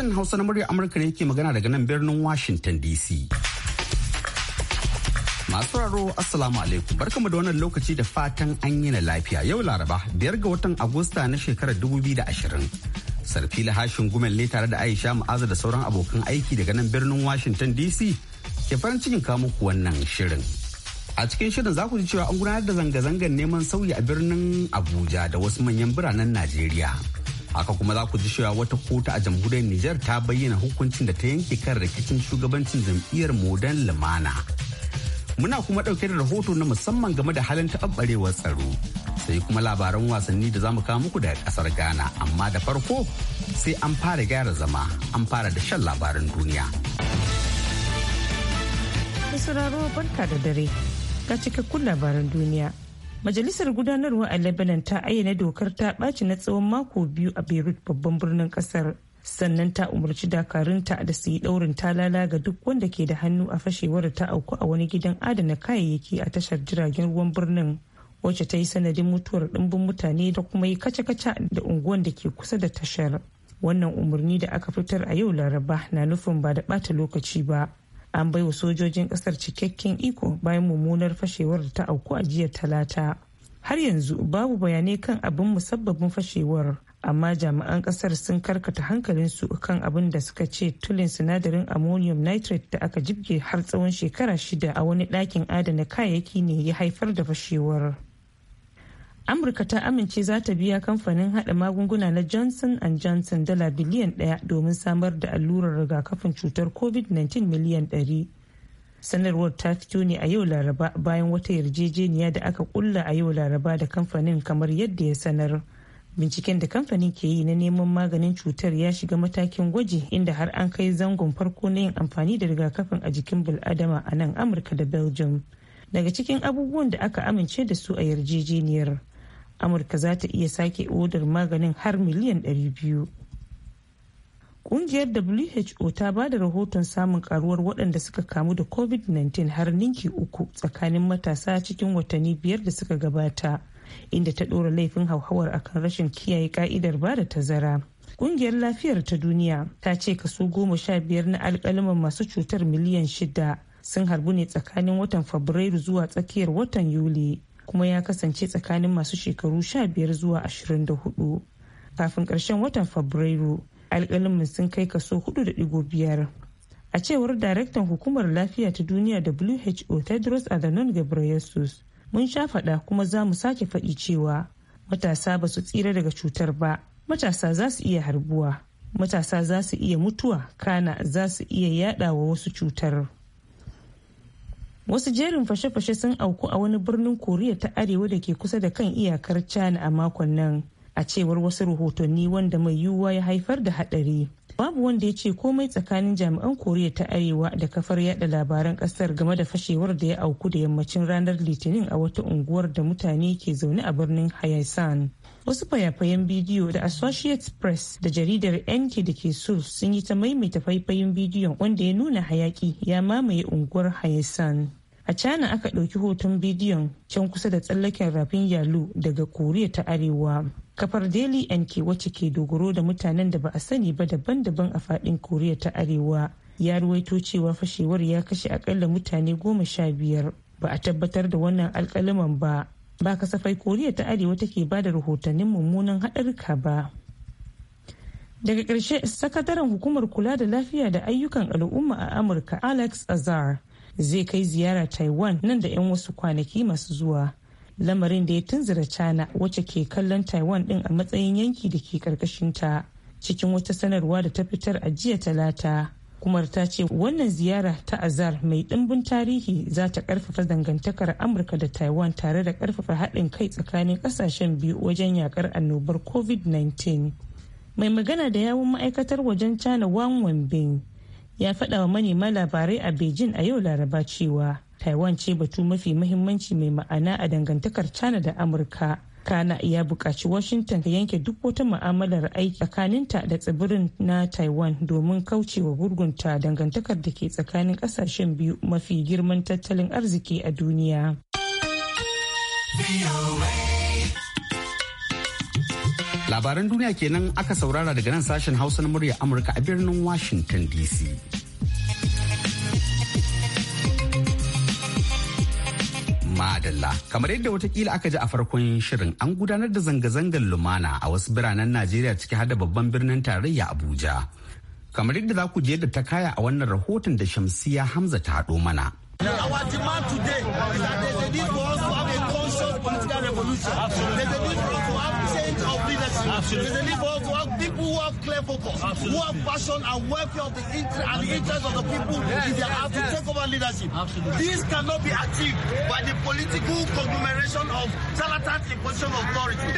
Sashen Hausa na muryar Amurka ne ke magana daga nan birnin Washington DC. Masu raro Assalamu alaikum barkamu da wannan lokaci da fatan an yi na lafiya yau Laraba biyar ga watan Agusta na shekarar dubu biyu da 2020. sarfi Lahashin Gumel ne tare da Aisha Ma'aza da sauran abokan aiki daga nan birnin Washington DC ke farin cikin kamu wannan shirin. a cikin shirin za ku ji cewa an gudanar da zanga-zangar neman sauyi a birnin abuja da wasu manyan biranen najeriya haka kuma za ku ji cewa wata kotu a jamhuriyar Nijar ta bayyana hukuncin da ta yanke kan rikicin shugabancin jam'iyyar Modern Lumana. Muna kuma ɗauke da rahoto na musamman game da halin taɓarɓarewar tsaro. Sai kuma labaran wasanni da za mu kawo muku daga ƙasar Ghana, amma da farko sai an fara gyara zama, an fara da shan labaran duniya. Sauraro barka da dare, ga cikakkun labaran duniya. majalisar gudanarwa a lebanon ta ayyana dokar ta ɓaci na tsawon mako biyu a beirut babban birnin ƙasar sannan ta umarci dakarunta da su yi ɗaurin talala ga duk wanda ke da hannu a fashewar ta auku a wani gidan adana kayayyaki a tashar jiragen ruwan birnin wacce ta yi sanadin mutuwar ɗimbin mutane da kuma yi kaca-kaca da unguwan da ke kusa da tashar wannan umarni da aka fitar a yau laraba na nufin ba da ɓata lokaci ba an bai wa sojojin kasar cikakken iko bayan mummunar fashewar da ta auku a jiya talata har yanzu babu bayanai kan abin musabbabin fashewar amma jami'an kasar sun karkata hankalinsu kan abin da suka ce tulin sinadarin ammonium nitrate da aka jibge har tsawon shekara shida a wani ɗakin adana kayayyaki ne ya haifar da fashewar. amurka ta amince za ta biya kamfanin hada magunguna na johnson johnson dala biliyan daya domin samar da allurar rigakafin cutar covid-19 miliyan 100 sanarwar ta fito ne a yau laraba bayan wata yarjejeniya da aka kulla a yau laraba da kamfanin kamar yadda ya sanar binciken da kamfanin ke yi na neman maganin cutar ya shiga matakin gwaji inda har an kai zangon farko na yin amfani da rigakafin a jikin bil'adama a nan amurka da belgium daga cikin abubuwan da aka amince da su a yarjejeniyar amurka za ta iya sake odar maganin har miliyan 200 kungiyar who ta ba da rahoton samun karuwar waɗanda suka kamu da covid-19 har ninki uku tsakanin matasa cikin watanni biyar da suka gabata inda ta ɗora laifin hauhawar akan rashin kiyaye ka'idar ba da tazara kungiyar lafiyar ta duniya ta ce kaso goma sha biyar na alkalaman masu cutar miliyan shida sun harbu ne tsakanin watan fabrairu zuwa tsakiyar watan yuli kuma ya kasance tsakanin masu shekaru 15 zuwa 24 kafin ƙarshen watan fabrairu alƙalinmu sun kai kaso 4.5 a cewar daraktan hukumar lafiya ta duniya who tedros adhanom ghebreyesus mun sha faɗa kuma za mu sake faɗi cewa matasa ba su tsira daga cutar ba matasa za su iya harbuwa matasa za su iya mutuwa kana za su iya yaɗa wa wasu cutar wasu jerin fashe-fashe sun auku a wani birnin koriya ta arewa da ke kusa da kan iyakar china a makon nan a cewar wasu rahotanni wanda mai yiwuwa ya haifar da hadari babu wanda ya ce komai tsakanin jami'an koriya ta arewa da kafar yada labaran kasar game da fashewar da ya auku da yammacin ranar litinin a wata unguwar da mutane ke zaune a birnin hayasan wasu fayafayen bidiyo da associates press da jaridar nk da ke so sun yi ta maimaita faifayin bidiyon wanda ya nuna hayaki ya mamaye unguwar hayasan a china aka ɗauki hoton bidiyon can kusa da tsallaken rafin yalu daga koriya ta arewa kafar daily nk wacce ke dogaro da mutanen da ba a sani ba daban-daban a fadin koriya ta arewa ya ruwaito cewa fashewar ya kashe akalla mutane goma sha biyar ba a tabbatar da wannan alkaliman ba ba kasafai koriya ta arewa take ba da rahotannin mummunan haɗarka ba daga ƙarshe sakataren hukumar kula da lafiya da ayyukan al'umma a amurka alex azar zai kai ziyara taiwan nan da 'yan wasu kwanaki masu zuwa lamarin da ya tunzura china wacce ke kallon taiwan din a matsayin yanki da ke karkashinta cikin wata sanarwa da ta fitar a jiya talata kumar ta ce wannan ziyara ta azar mai dimbin tarihi za ta karfafa dangantakar amurka da taiwan tare da karfafa haɗin kai tsakanin kasashen biyu wajen yakar annobar covid-19 mai magana da yawun ma'aikatar wajen china wang wanbin ya faɗa wa manema labarai a beijing a yau laraba cewa taiwan ce batu mafi mahimmanci mai ma'ana a dangantakar china da amurka kana ya buƙaci washington ta yanke duk wata ma'amalar aiki tsakaninta da tsibirin na taiwan domin kauce wa gurgunta dangantakar da ke tsakanin ƙasashen biyu mafi girman tattalin arziki a duniya. Labaran duniya kenan aka saurara daga nan sashen Hausa na murya Amurka a birnin Washington DC. Madalla, kamar yadda watakila aka ji a farkon shirin an gudanar da zanga-zangar lumana a wasu biranen Najeriya ciki har da babban birnin tarayya Abuja. Kamar yadda za ku je da ta kaya a wannan rahoton da Shamsiya Hamza ta haɗo mana. Our demand today is a need for us to have a conscious political revolution. There's a Absolutely. It's a league of, of people who have clear focus, Absolutely. who have passion and welfare of the interest and the interest of the people yes, if they yes, have yes. to take over leadership. Absolutely. This cannot be achieved by the political conglomeration of charlatans in position of authority.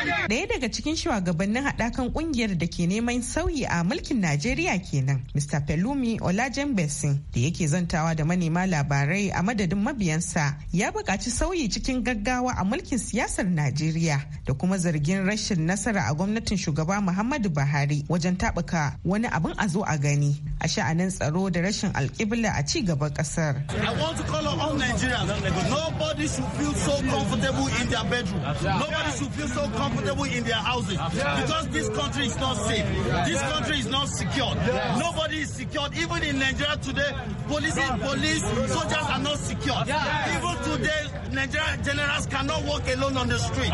Daya daga cikin shugabannin haɗakan ƙungiyar da ke neman sauyi a mulkin Najeriya kenan, Mr. Pelumi Olajenbesin da yake zantawa da manema labarai a madadin mabiyansa ya buƙaci sauyi cikin gaggawa a mulkin siyasar Najeriya da kuma zargin rashin nasara a gwamnatin shugaba Muhammadu Buhari wajen taɓuka wani abin a zo a gani a sha'anin tsaro da rashin alƙibla a ci gaban ƙasar. Nobody should feel so comfortable in their bedroom. Nobody should feel so comfortable in their houses because this country is not safe. This country is not secured. Nobody is secured. Even in Nigeria today, police, police, soldiers are not secured. Even today, Nigerian generals cannot walk alone on the street.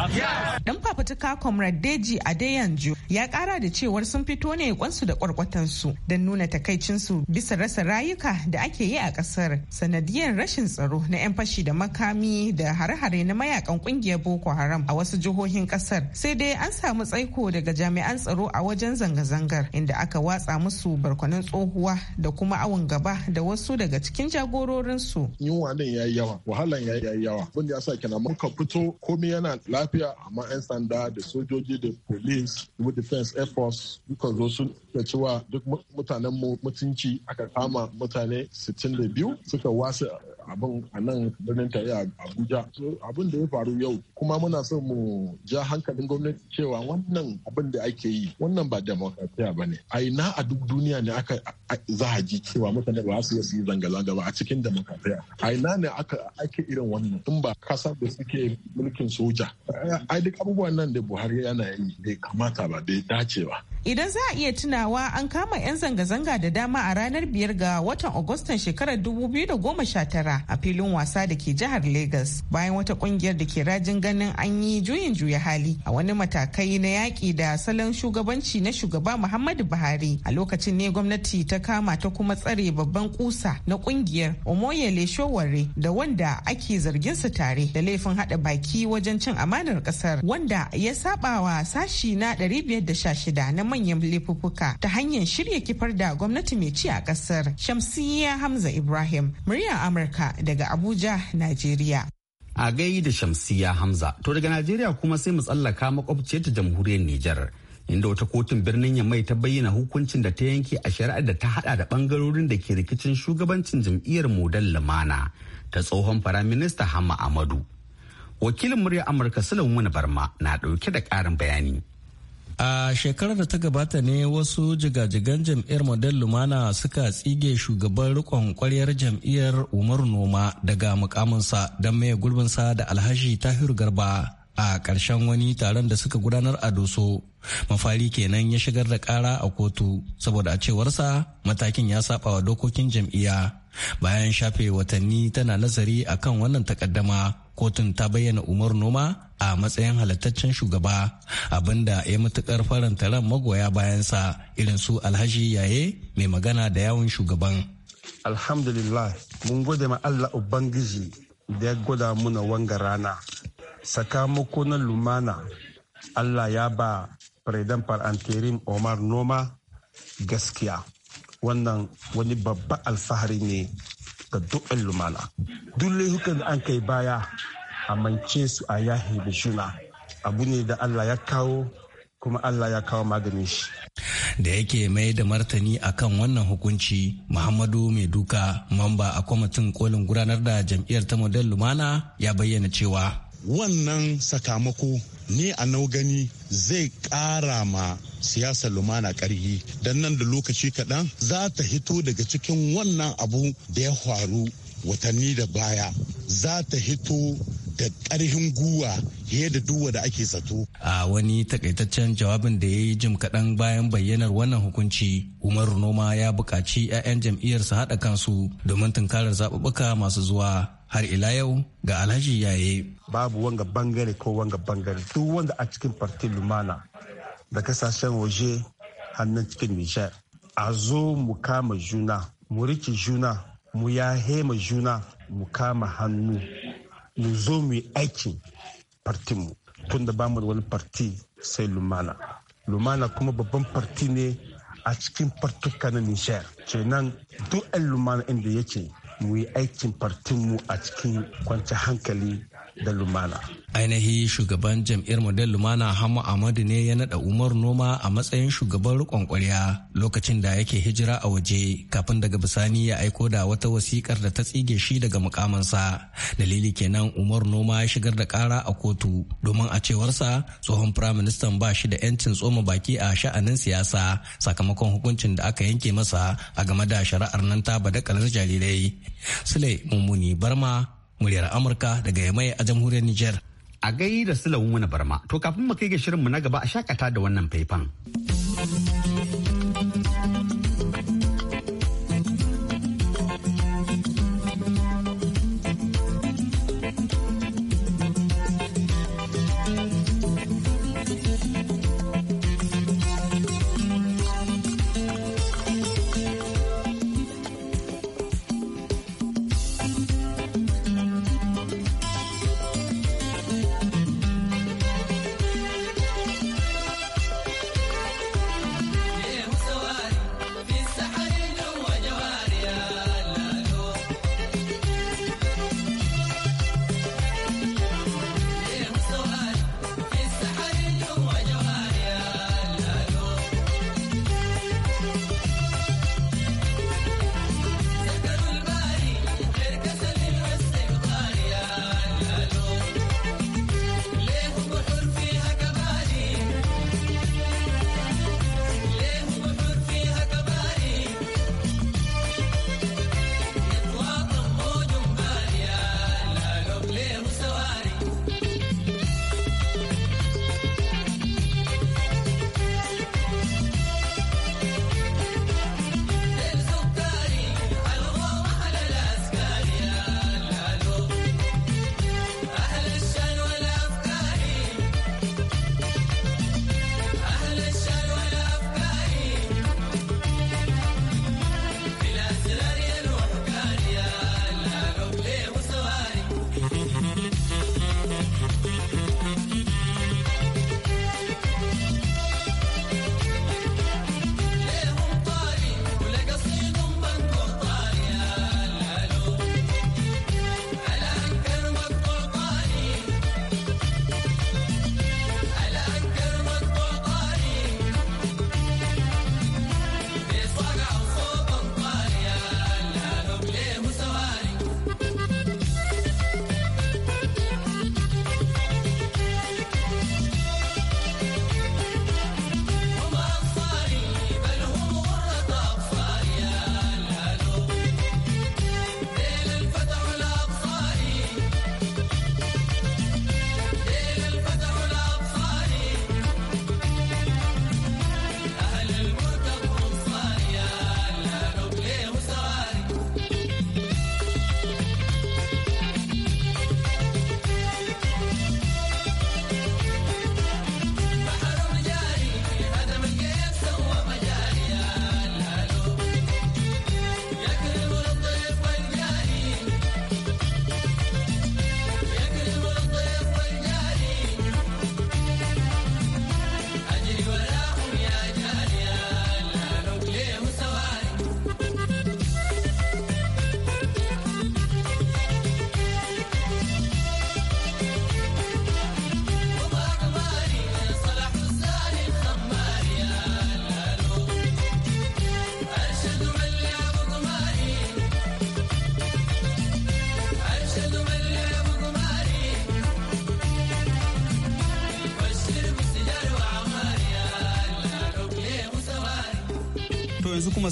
Dan fafutuka Comrade Deji Adeyanju ya kara da cewar sun fito ne kwansu da kwarkwatansu don nuna takaicinsu bisa rasa rayuka da ake yi a kasar sanadiyar rashin tsaro na 'yan fashi da makami da hare-hare na mayakan kungiyar Boko Haram a wasu jihohin kasar sai dai an samu tsaiko daga jami'an tsaro a wajen zanga-zangar inda aka watsa musu barkwanin tsohuwa da kuma awon gaba da wasu daga cikin jagororinsu. yunwa din ya yawa wahalan ya yi yawa abin ya sa kenan muka fito komai yana lafiya amma 'yan sanda da sojoji da police civil defense air force duka zo sun da cewa duk mutanen mu mutunci aka kama mutane 62 suka wasu abin a nan birnin tarayya abuja abin da ya faru yau kuma muna son mu ja hankalin gwamnati cewa wannan abin da ake yi wannan ba demokratiya ba ne a ina a duk duniya ne aka za a ji cewa mutane ba su yi zanga-zanga ba a cikin demokratiya a ina ne aka ake irin wannan Tun ba kasa da suke mulkin soja ai duk abubuwan nan da buhari yana yi bai kamata ba bai dace ba Idan za a iya tunawa an kama 'yan zanga-zanga da dama a ranar biyar ga watan Agustan shekarar 2019 a filin wasa da ke jihar Legas bayan wata kungiyar da ke rajin ganin an yi juyin juya hali a wani matakai na yaƙi da salon shugabanci na shugaba Muhammadu Buhari. A lokacin ne gwamnati ta kama ta kuma tsare babban kusa na kungiyar Omoyele Showore da wanda ake zargin su tare da laifin haɗa baki wajen cin amanar ƙasar wanda ya sabawa sashi na 516 na manyan laifuffuka ta hanyar shirya kifar da gwamnati mai ci a kasar shamsiyya hamza ibrahim murya amurka daga abuja najeriya a gai da shamsiyya hamza to daga najeriya kuma sai mu tsallaka makwabciyar ta jamhuriyar nijar inda wata kotun birnin yamai ta bayyana hukuncin da ta yanke a shari'ar da ta hada da bangarorin da ke rikicin shugabancin jam'iyyar modal lumana ta tsohon firaminista hama amadu wakilin Murya amurka sulaiman barma na dauke da karin bayani A shekarar da ta gabata ne wasu jigajigan jam'iyyar Model Lumana suka tsige shugaban rikon kwaryar jam'iyyar Umar Noma daga mukaminsa don maye gurbinsa da Alhaji Tahiru Garba a ƙarshen wani taron da suka gudanar a Doso. Mafari kenan ya shigar da ƙara a kotu saboda a cewarsa matakin ya saba wa dokokin jam'iyya. Bayan shafe watanni tana nazari akan wannan takaddama kotun ta bayyana umar noma a matsayin halittaccen shugaba abinda ya matukar faranta ran magoya bayansa irin su alhaji yaye mai magana da yawon shugaban alhamdulillah mun gode ma allah ubangiji da ya gwada muna wanga rana sakamako na lumana allah ya ba predan farantirin omar noma gaskiya wannan wani babba alfahari ne ga duk lumana duk laifukan da an kai baya a su a yahi da suna abu ne da allah ya kawo kuma allah ya kawo maganin shi da yake mai da martani akan wannan hukunci muhammadu maiduka mamba a kwamitin kolin gudanar da jam'iyyar ta model lumana ya bayyana cewa wannan sakamako ne a naugani zai ƙara ma siyasar lumana karhi don nan da lokaci kaɗan za ta hito daga cikin wannan abu da ya faru watanni da baya za ta hito da ƙarfin guwa fiye da duwa da ake zato. A wani takaitaccen jawabin da ya yi jim kaɗan bayan bayyanar wannan hukunci, Umar Noma ya buƙaci 'ya'yan jam'iyyar su haɗa kansu domin tunkarar zaɓuɓɓuka masu zuwa har ila yau ga Alhaji yaye. Babu wanga bangare ko wanga bangare duk wanda a cikin fartin lumana da kasashen waje hannun cikin Nijar. A zo mu kama juna, mu rike juna, mu ya hema juna, mu kama hannu. mu zo mu yi aikin partinmu tunda ba mu da wani parti sai lumana lumana kuma babban parti ne a cikin partuka na niger kenan duk lumana inda yake mu yi aikin partinmu a cikin kwanci hankali da lumana ainihi shugaban jam'iyyar model lumana hamu Ahmadu ne ya nada umar noma a matsayin shugaban rikon kwarya lokacin da yake hijira a waje kafin daga bisani ya aiko da wata wasikar da ta tsige shi daga mukamansa dalili kenan umar noma ya shigar da kara a kotu domin a cewarsa tsohon firaministan ba shi da 'yancin tsoma baki a sha'anin siyasa sakamakon hukuncin da aka yanke masa a game da shari'ar nan ta kalar jarirai sule mummuni barma muryar Amurka daga Yamai a jamhuriyar Nijar. A gai da wani Barma, to kafin mu kai ga shirinmu na gaba a shakata da wannan faifan.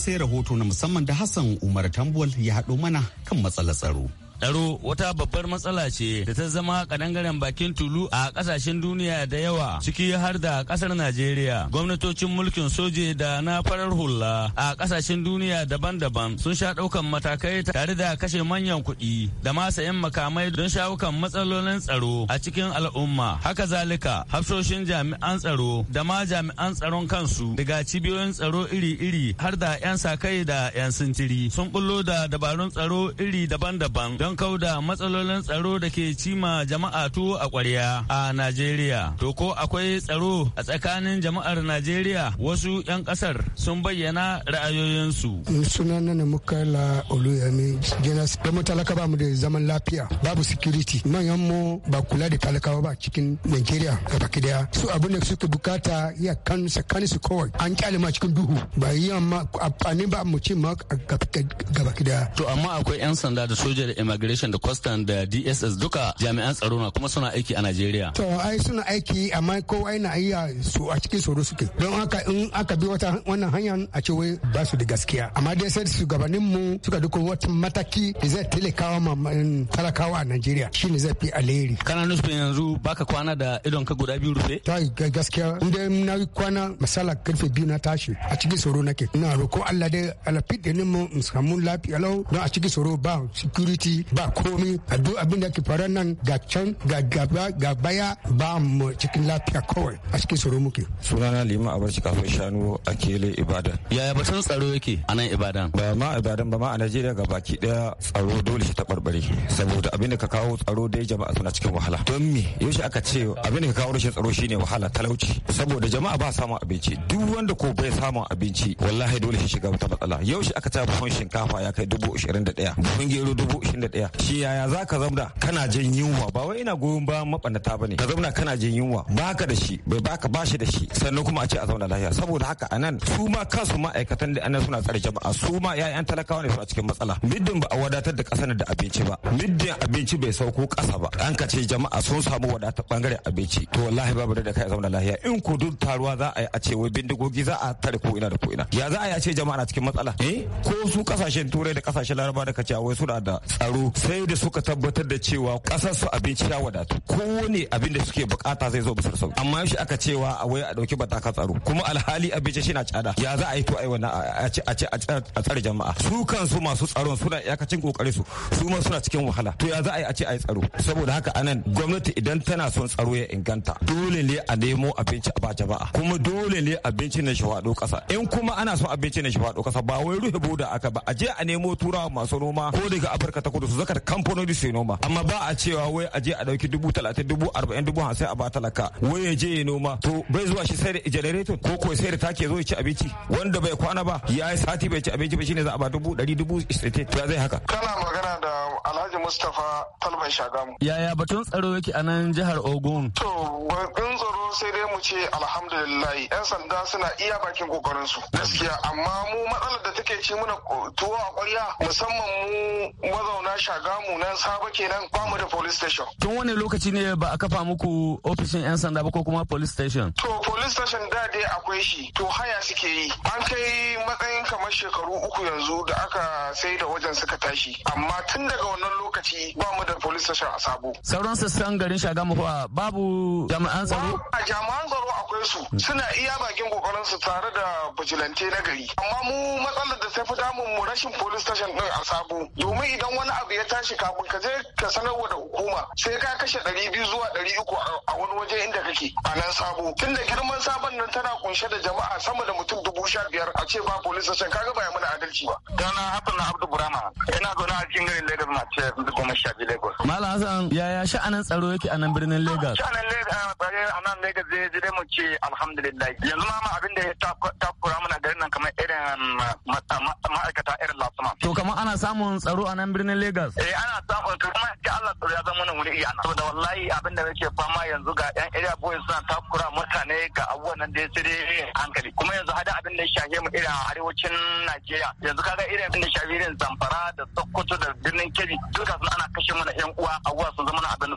sai rahoto na musamman da Hassan Umar Tambuwal ya haɗo mana kan matsalar tsaro. Tsaro wata babbar matsala ce da ta zama kadangaren bakin tulu a kasashen duniya da yawa ciki har da kasar Najeriya. Gwamnatocin mulkin soje da na farar hula a kasashen duniya daban-daban sun sha daukan matakai tare da kashe manyan kuɗi da ma sayan makamai don shawukan matsalolin tsaro a cikin al'umma. Haka zalika hafsoshin jami'an tsaro da ma jami'an tsaron kansu daga cibiyoyin tsaro iri-iri har da 'yan sakai da 'yan sintiri sun bullo da dabarun tsaro iri daban-daban don kauda matsalolin tsaro da ke cima jama'a tu a kwarya a Najeriya. To ko akwai tsaro a tsakanin jama'ar Najeriya wasu 'yan kasar sun bayyana ra'ayoyinsu. Suna nana Mukala Oluyami Genas da mu talaka ba mu da zaman lafiya babu security manyan mu ba kula da talakawa ba cikin Najeriya ga baki daya. Su abu da suke bukata ya kan sakani su kawai an kyale ma cikin duhu ba yi amma amfani ba mu ce ma ga baki daya. To amma akwai 'yan sanda da soja da immigration da custom da dss duka jami'an tsaro na kuma suna aiki a najeriya to ai suna aiki amma kowa na iya su a cikin tsoro suke don haka in aka bi wata wannan hanyar a ce wai ba su da gaskiya amma dai sai gabanin mu suka duka wata mataki da zai talakawa ma talakawa a najeriya shine zai fi alheri kana nufi yanzu baka kwana da idon ka guda biyu rufe ta gaskiya inda na kwana misala karfe biyu na tashi a cikin tsoro nake ina roko Allah dai alafi da mu mu samu lafiya lau don a cikin tsoro ba security ba komi a duk abin da ke faruwa nan ga can ga gaba ga baya ba mu cikin lafiya kawai a cikin tsoro muke. sunana a barci kafin shanu a kele ibadan. yaya batun tsaro yake a nan ibadan. ba ma ibadan ba ma a najeriya ga baki daya tsaro dole shi taɓarɓare saboda abin da ka kawo tsaro dai jama'a suna cikin wahala don me yaushe aka ce abin da ka kawo rashin tsaro shine wahala talauci saboda jama'a ba samun abinci duk wanda ko bai samun abinci wallahi dole shi shiga wata matsala yaushe aka ce buhun shinkafa ya kai dubu ashirin da ɗaya buhun gero dubu ashirin da ɗaya shi yaya za ka zauna kana jin yunwa ba wai ina goyon ba maɓannata ba ne ka zauna kana jin yunwa baka da shi bai baka bashi da shi sannan kuma a ce a zauna lafiya saboda haka anan su ma kansu ma'aikatan da anan suna tsare jama'a su ma ƴaƴan talakawa ne suna cikin matsala middin ba a wadatar da ƙasar da abinci ba middin abinci bai sauko ƙasa ba an ka ce jama'a sun samu wadatar bangare abinci to wallahi babu da kai a zauna lafiya in ku duk taruwa za a yi a ce wai bindigogi za a tare ko ina da ko ina ya za a yi a ce jama'a na cikin matsala eh, ko su kasashen turai da kasashen laraba da kace wai suna da tsaro sai da suka tabbatar da cewa kasar su abinci ya wadatu kowane abin da suke bukata zai zo bisar sau amma shi aka cewa a waya a dauki bataka tsaro kuma alhali abinci shi na tsada ya za a yi to ai a ci a ci a tsare jama'a su kansu masu tsaron suna iyakacin kokari su su ma suna cikin wahala to ya za a yi a ce ai tsaro saboda haka anan gwamnati idan tana son tsaro ya inganta dole ne a nemo abinci a ba jama'a kuma dole ne abinci na shi wado ƙasa in kuma ana son abinci na shi wado ƙasa ba wai boda aka ba a je a nemo turawa masu noma ko daga afirka ta kudu su zakar kamfanoni su noma amma ba a cewa wai a je a dauki dubu talatin dubu arba'in dubu hamsin a ba talaka wai ya je ya noma to bai zuwa shi sai da generator ko ko sai da take zo ya ci abinci wanda bai kwana ba ya yi sati bai ci abinci ba shine za a ba dubu dari dubu sittin to ya zai haka. kana magana da Alhaji Mustapha Talban Shagamu. Yaya batun tsaro yake a nan jihar Ogun? To, batun tsaro sai dai mu ce alhamdulillah 'yan sanda suna iya bakin kokarin su. Gaskiya amma mu matsalar da take ci mana tuwo a kwarya musamman mu mazauna Shagamu nan Saba kenan ba mu da police station. Tun wani lokaci ne ba a kafa muku ofishin 'yan sanda ba ko kuma police station? To, police station da dai akwai shi. To, haya suke yi. An kai matsayin kamar shekaru uku yanzu da aka sai da wajen suka tashi. Amma tun daga wannan lokaci ba mu da police station a sabo sauran sassan garin shagamu babu jami'an tsaro a jami'an tsaro akwai su suna iya bakin kokarin su tare da vigilante na gari amma mu matsalar da ta fi damun mu rashin police station din a sabo domin idan wani abu ya tashi kafin ka je ka sanarwa da hukuma sai ka kashe ɗari biyu zuwa ɗari uku a wani waje inda kake a nan sabo da girman sabon nan tana kunshe da jama'a sama da mutum dubu sha biyar a ce ba police station kaga ba ya mana adalci ba. Dana Hassan Abdul Burama yana zaune a cikin garin birnin Lagos na ce goma sha biyu Lagos. Malam Hassan yaya sha'anin tsaro yake a nan birnin Lagos? Sha'anin tsaro a nan Lagos zai zai mu ce alhamdulillah. Yanzu ma abin da ya takura mana garin nan kamar irin um, ma'aikata irin lasuma. To kamar ana samun tsaro a nan birnin Lagos? Eh ana samun kuma ga Allah tsaro ya zama wuri iya na. Saboda wallahi abin da yake fama yanzu ga yan area boys suna takura mutane ga abubuwan nan da ya sai hankali. Kuma yanzu hada abin da ya shafe mu irin arewacin Najeriya. Yanzu kaga irin abin da shafe irin Zamfara da Sokoto da birnin Kebbi duka suna ana kashe mana yan uwa a sun zama na abin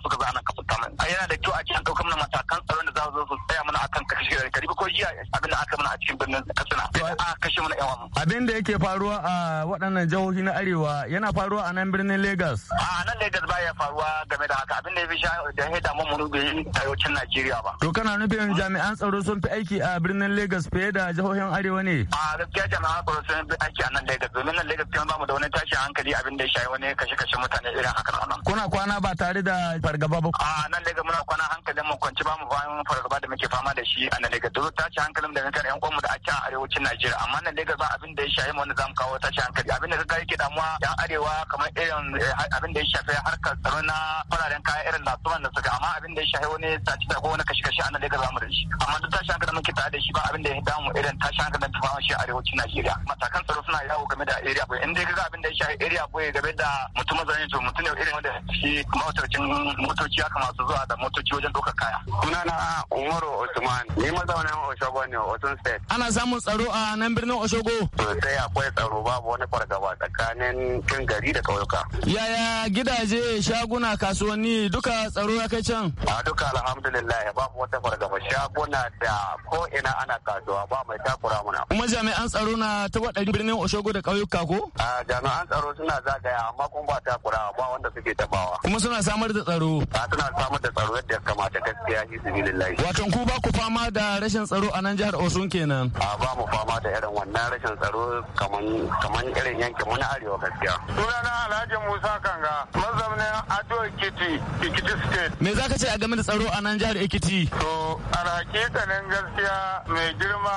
ɗari ko jiya abin da aka mana a cikin birnin katsina a kashe mana yawan abin da yake faruwa a waɗannan jihohi na arewa yana faruwa a nan birnin lagos a nan lagos baya faruwa game da haka abin da ya fi sha da ya damu mu bai yi tayocin najeriya ba to kana nufin jami'an tsaro sun fi aiki a birnin lagos fiye da jihohin arewa ne a gaskiya jami'an tsaro sun fi aiki a nan lagos domin nan lagos kuma bamu da wani tashin hankali abin da ya shayi wani kashe-kashe mutane irin haka nan kuna kwana ba tare da fargaba ba a nan lagos muna kwana hankalin mu kwanci ba mu bayan fargaba da muke fama da shi a nan lagos ka ta tashi hankalin da kan yan uwanmu da ake a arewacin Najeriya amma nan Lagos ba abin da ya shafi wanda zamu kawo tashi hankali abin da ka yake damuwa yan arewa kamar irin eh, abin da ya shafi harkar tsaro na fararen kaya irin lasuman da suka amma abin da ya shafi wani sace ko wani kashi kashi a nan Lagos zamu da shi amma duk ci hankalin muke tare da shi ba abin da ya damu irin tashi hankalin musamman shi arewacin Najeriya matakan tsaro suna yawo game da area boy in dai abin da ya shafi area boy game da mutum zan to mutum ne irin wanda shi motocin motoci haka masu zuwa da motoci wajen ɗaukar kaya sunana Umaru Usman ni mazaunin Oshogo ne Osun State ana samun tsaro a nan birnin Oshogo sosai akwai tsaro babu wani fargaba tsakanin cin gari da ƙauyuka yaya gidaje shaguna kasuwanni duka tsaro ya kai can a duka alhamdulillah babu wata fargaba shaguna da ko ina ana kasuwa ba mai takura mana Kuma jami'an tsaro na ta waɗannan birnin Oshogo da ƙauyuka ko? A jami'an tsaro suna zagaya amma kuma ba ta kura ba wanda suke tabawa. Kuma suna samar da tsaro? A suna samar da tsaro yadda ya kamata gaskiya shi su lillahi. Wato ku ba ku fama da rashin tsaro a nan jihar Osun kenan? A ba mu fama da irin wannan rashin tsaro kaman irin yankin mu na arewa gaskiya. Sunana Alhaji Musa Kanga mazaunin Ado Ekiti, Ekiti State. Me za ka ce a game da tsaro a nan jihar Ekiti? To, a hakikanin gaskiya mai girma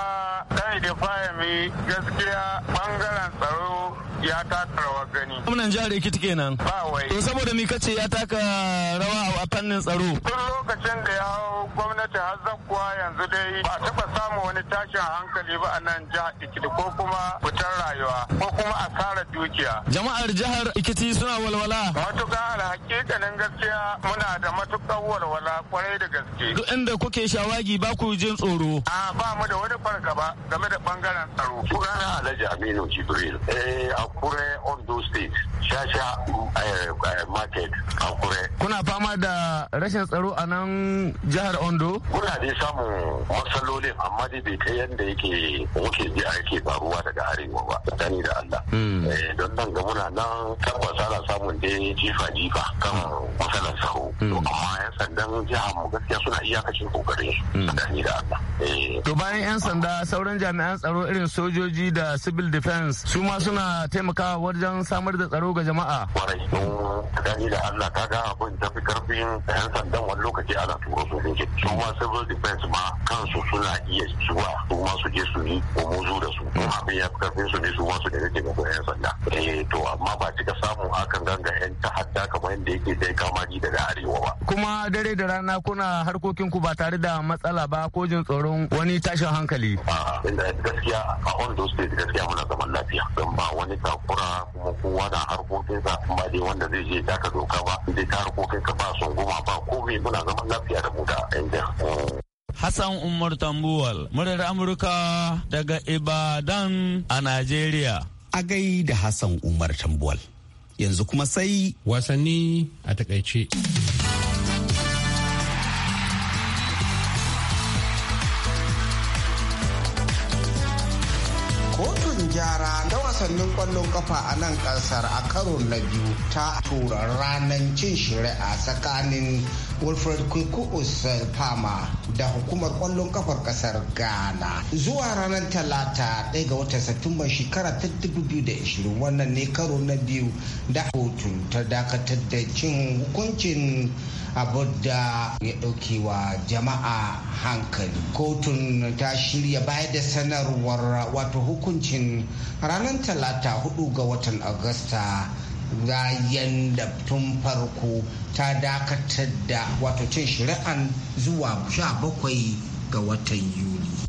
ɗan alfahimi gaskiya bangaren tsaro ya taka rawa gani. Gwamnan jihar Ekiti kenan. Ba wai. To saboda mi kace ya taka rawa a fannin tsaro. Tun lokacin da ya hau gwamnati har kuwa yanzu dai ba taba samu wani tashin hankali ba a nan jihar Ekiti ko kuma fitar rayuwa ko kuma asarar dukiya. Jama'ar jihar Ekiti suna walwala. Matuƙa alhakikanin gaskiya muna da matuƙar walwala kwarai da gaske. Duk inda kuke shawagi ba ku jin tsoro. A ba mu da wani fargaba game da bangaren tsaro. Sunana Alhaji Aminu Jibril. Eh Akure Ondo State, Shasha eh, eh, Market, Akure. Kuna fama da rashin tsaro a nan jihar Ondo? Kuna dai samu matsalolin amma dai bai kai yadda yake muke ji ake faruwa daga arewa ba, tsakani da Allah. Hmm. Eh, don nan ga muna nan tabbas ana samun dai jifa-jifa kan matsalar tsaro. Hmm. Amma 'yan sandan jihar mu gaskiya suna iyakacin kokarin hmm. tsakani da Allah. To bayan 'yan sanda sauran jami'an tsaro irin sojoji da civil defense su ma suna taimakawa wajen samar da tsaro ga jama'a. Kwarai, don da Allah ka ga abin ta fi karfin ɗan sandan wani lokaci ana turo sojoji. Su ma civil defense ma kansu suna iya zuwa su ma su je su yi umuzu da su. Abin ya fi karfin su ne su ma su da yake ga ɗan sanda. Eh to amma ba cika samu akan ganga 'yan ta'adda kamar yadda yake dai ji daga arewa ba. Kuma dare da rana kuna harkokin ku ba tare da matsala ba ko jin tsoron wani tashin hankali. A'a, inda gaskiya a Ondo State gaskiya muna zaman lafiya. Don ba wani takura kuma kowa da harkokinsa ba dai wanda zai je ka doka ba dai ta harkokinka ba goma ba komai muna zaman lafiya da mu da yan Hassan Umar Tambuwal, murar Amurka daga Ibadan a Najeriya. Agai da Hassan Umar Tambuwal. Yanzu kuma sai wasanni a takaice. wasannin kwallon kafa a nan kasar a karo na biyu ta tura ranar cin shari'a tsakanin wilfred kwekwus palmer da hukumar kwallon kafar kasar ghana zuwa ranar talata ɗaya ga watan satumba shekara ta 2020 wannan ne karo na biyu da hutun ta dakatar da cin hukuncin abu ya ɗauke wa jama'a hankali kotun ta shirya baya da sanarwar wato hukuncin ranar talata hudu ga watan agusta bayan da tun farko ta dakatar da wato cin shari'an zuwa bakwai ga watan yuli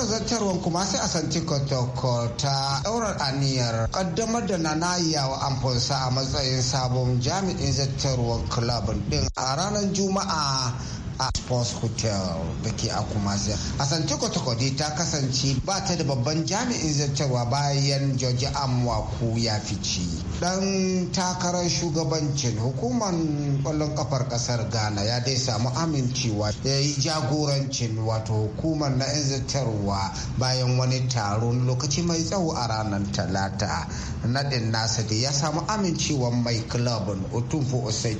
sakataren zartarwar kuma sai a san tikotoko ta daurar aniyar kaddamar da nanaya wa amfonsa a matsayin sabon jami'in zartarwar kulab din a ranar juma'a a sports hotel da ke a kumasi hassan tukwatukwa ta kasance ba ta da babban jami'in zartarwa bayan george amwaku ya fice dan takarar shugabancin hukumar kwallon kafar kasar ghana ya dai samu amincewa ya yi jagorancin wato hukumar na yan zartarwa bayan wani taron lokaci mai tsawo a ranar talata nadin nasa da ya samu amincewa mai club otunfo osai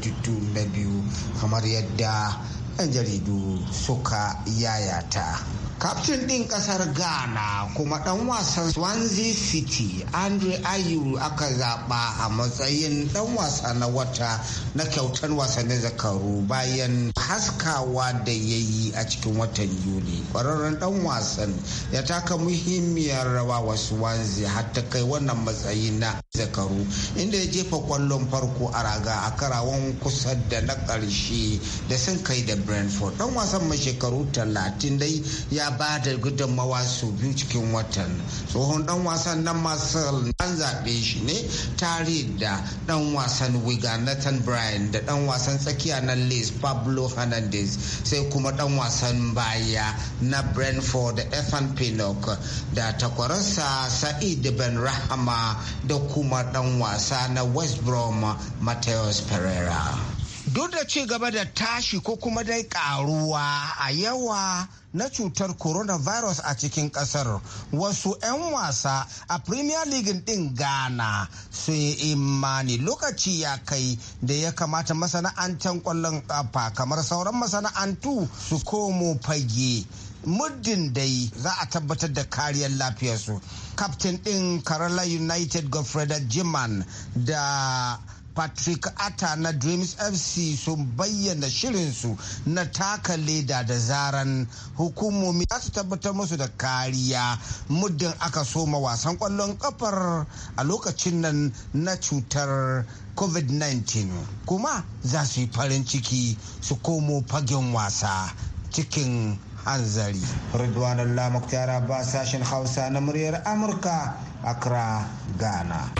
na biyu kamar yadda 'yan jaridu suka yayata kaftin ɗin ƙasar ghana kuma ɗan wasan swansea city andre ayew aka zaɓa a matsayin ɗan wasa na wata na kyautar wasannin zakaru bayan haskawa da ya yi a cikin watan yuli ƙwararren ɗan wasan ya taka muhimmiyar rawa wa swansea har ta kai wannan matsayi na zakaru inda ya jefa kwallon farko a raga a karawan kusa da na ƙarshe da sun kai da brentford ɗan wasan mai shekaru talatin dai ya ba da gudunmawa su biyu cikin watan tsohon dan wasan nan marcel an zaɓe shi ne tare da dan wasan wiga nathan bryan da dan wasan tsakiya na liz pablo hernandez sai kuma dan wasan baya na brentford ethan pinnock da takwaransa sa'id ben rahama da kuma dan wasa na west brom mateus pereira duk da ci gaba da tashi ko kuma dai karuwa a yawa na cutar coronavirus a cikin kasar wasu 'yan wasa a premier league din ghana sun yi imani lokaci ya kai da ya kamata masana'antar kwallon kafa kamar sauran masana'antu su komo fage muddin dai za a tabbatar da kariyar lafiyarsu kaftin din kerala united godfrey jiman da patrick atta na dreams fc sun bayyana shirinsu na taka leda da zaran hukumomi za su tabbatar musu da kariya muddin aka soma wasan kwallon kafar a lokacin nan na cutar covid-19 kuma za su yi farin ciki su komo fagen wasa cikin hanzari ridwanan lamuk ba sashen hausa na muryar amurka accra ghana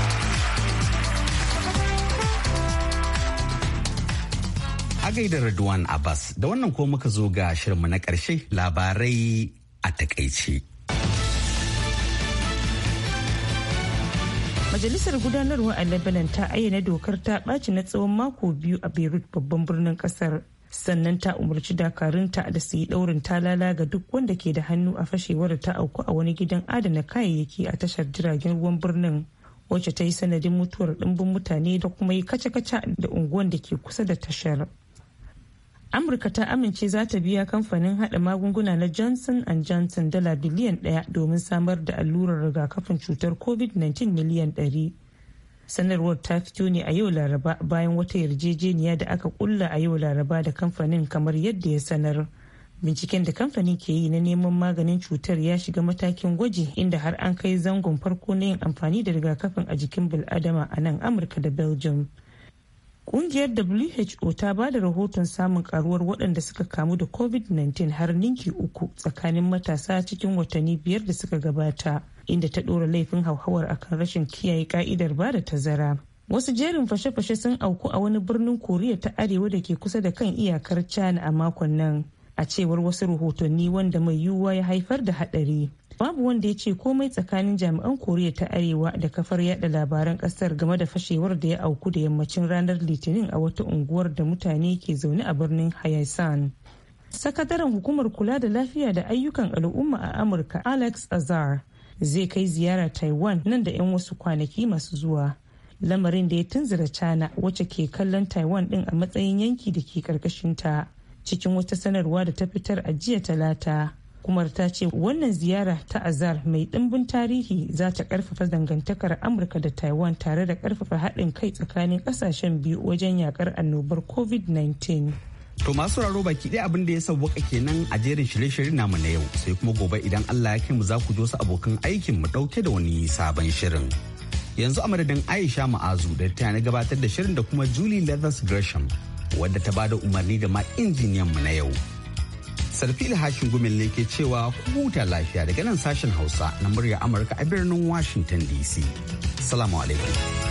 A gaida Radwan Abbas da wannan ko muka zo ga shirinmu na ƙarshe labarai a takaice. Majalisar gudanarwa a Lebanon ta ayyana dokar ta ɓaci na tsawon mako biyu a Beirut babban birnin ƙasar. Sannan ta umarci dakarunta da su yi ɗaurin talala ga duk wanda ke da hannu a fashewar ta auku a wani gidan adana kayayyaki a tashar jiragen ruwan birnin. wacce ta yi sanadin mutuwar ɗimbin mutane da kuma yi kace-kace da unguwan da ke kusa da tashar. amurka ta amince za ta biya kamfanin hada magunguna na johnson and johnson dala biliyan daya domin samar da allurar rigakafin cutar covid-19 miliyan 100 sanarwar ta fito ne a yau laraba bayan wata yarjejeniya da aka kulla a yau laraba da kamfanin kamar yadda ya sanar binciken da kamfanin ke yi na neman maganin cutar ya shiga matakin gwaji inda har an kai zangon farko na yin amfani da rigakafin a jikin bil'adama a nan amurka da belgium Kungiyar WHO ta ba da rahoton samun karuwar waɗanda suka kamu da COVID-19 har ninki uku tsakanin matasa cikin watanni biyar da suka gabata, inda ta ɗora laifin hauhawar akan rashin kiyaye ka'idar ba da tazara. Wasu jerin fashe-fashe sun auku a wani birnin Koriya ta Arewa da ke kusa da kan iyakar China a makon nan, a cewar wasu rahotanni wanda mai yiwuwa ya haifar da haɗari. babu wanda ya ce komai tsakanin jami'an koriya ta arewa da kafar yada labaran kasar game da fashewar da ya auku da yammacin ranar litinin a wata unguwar da mutane ke zaune a birnin hayasan sakataren hukumar kula da lafiya da ayyukan al'umma a amurka alex azar zai kai ziyara taiwan nan da 'yan wasu kwanaki masu zuwa lamarin da ya tunzura china wacce ke kallon taiwan din a matsayin yanki da ke karkashinta cikin wata sanarwa da ta fitar a jiya talata kumar ta ce wannan ziyara ta azar mai dimbin tarihi za ta karfafa dangantakar amurka da taiwan tare da karfafa haɗin kai tsakanin kasashen biyu wajen yakar annobar covid-19 To masu raro baki ɗaya abin da ya sauwaka kenan a jerin shirye-shiryen namu na yau sai kuma gobe idan Allah ya kai mu za ku ji wasu abokan aikin mu ɗauke da wani sabon shirin. Yanzu a madadin Aisha Ma'azu da ta na gabatar da shirin da kuma Julie Leathers Gresham wadda ta bada umarni da ma injiniyan mu na yau. sarfili hashin gumin ne ke cewa huta lafiya daga nan sashen hausa na murya amurka a birnin washington dc salamu alaikum